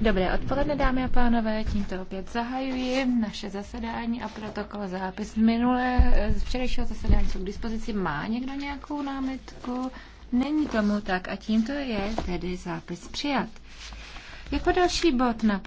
Dobré odpoledne, dámy a pánové. Tímto opět zahajuji naše zasedání a protokol zápis z minulé, z včerejšího zasedání jsou k dispozici. Má někdo nějakou námitku? Není tomu tak a tímto je tedy zápis přijat. Jako další bod na